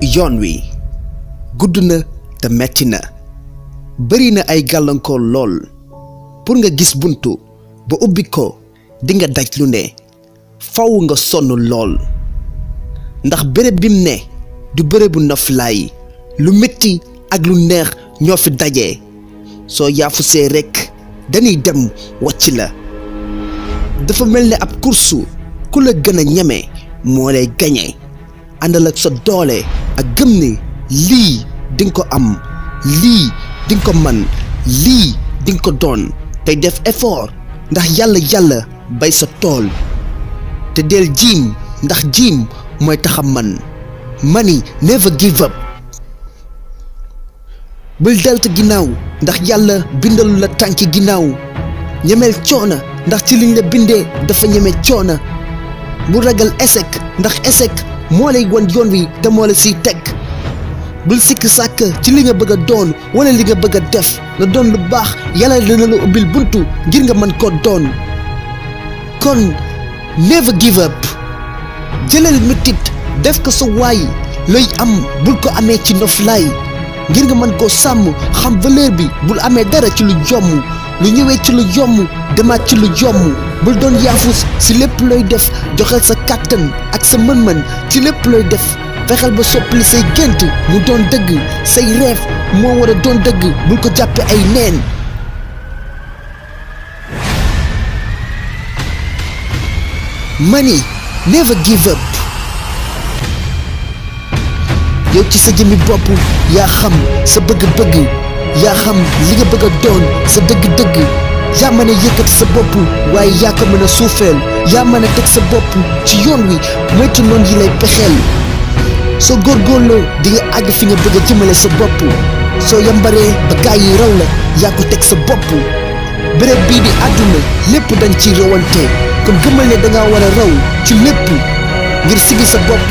yoon wi gudd na te metti na bëri na ay gàllankoor lool pour nga gis buntu ba ubbi ko di daj lu ne faw nga sonn lool ndax bërëb bim ne du bërëbu noflaay lu metti ak lu neex ñoo fi daje soo yaafusee rekk dañuy dem wàcc la dafa mel ne ab kursu ku la gën a ñeme moo lay gañe àndal ak sa doole ak gëm ne lii di ko am lii di ko man lii di ko doon tey def effort ndax yàlla yàlla bay sa tool te del jiim ndax jiim mooy taxam man mani never give up bul delta ginnaaw ndax yàlla bindalu la tànki ginnaaw ñemeel coona ndax ci liñ la bindee dafa ñeme coona bu ragal échec ndax esek moo lay wan yoon wi te moo la siy teg bul sikk sàkk ci li nga bëgg a doon wala li nga bëgg a def la doon lu baax yàlla dina la ubbil buntu ngir nga mën koo doon kon never give up jëlal mettit def ko sa waay looy am bul ko amee ci noflaay ngir nga mën koo sàmm xam valeur bi bul amee dara ci lu jomm nga ñëwee ci lu yomb demaat ci lu yomb bul doon yaafus si lépp looy def joxel sa kàttan ak sa mën-mën ci lépp looy def fexeel ba soppali say gént mu doon dëgg say rêve moo war a doon dëgg bul ko jàppe ay neen mani never give up yow ci sa jëmmi bopp yaa xam sa bëgg-bëgg yaa xam li nga bëgg a doon sa dëgg-dëgg yaa mën a yëkkati sa bopp waaye yaa ko mën a suufeel yaa mën a teg sa bopp ci yoon wi moytu noon yi lay pexeel soo góorgóorloo di nga àgg fi nga bëgg a jëmale sa bopp soo yambaree ba gaa yi raw la yaa ko teg sa bopp béréb bii di àdduna lépp dañ ciy rawante kon gëmal ne danga ngaa war a raw ci lépp ngir sigi sa bopp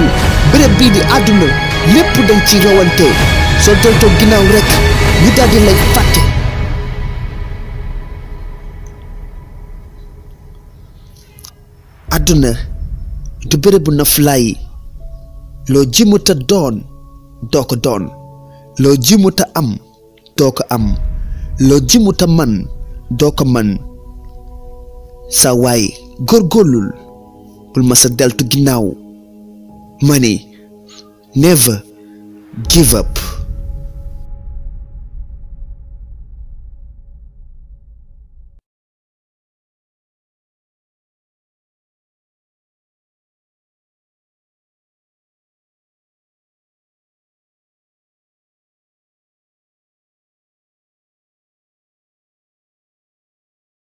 bërëb bii di àdduna lépp dañ ci rawante soo deltoo ginnaaw rek ñu daal di lay fàtte àdduna du bérébu nafulaay loo jimuta doon doo ko doon loo jimuta am doo ko am loo jimuta man doo ko man sa waay góorgóorlul bul ma sa deltu ginnaaw ma Never give up.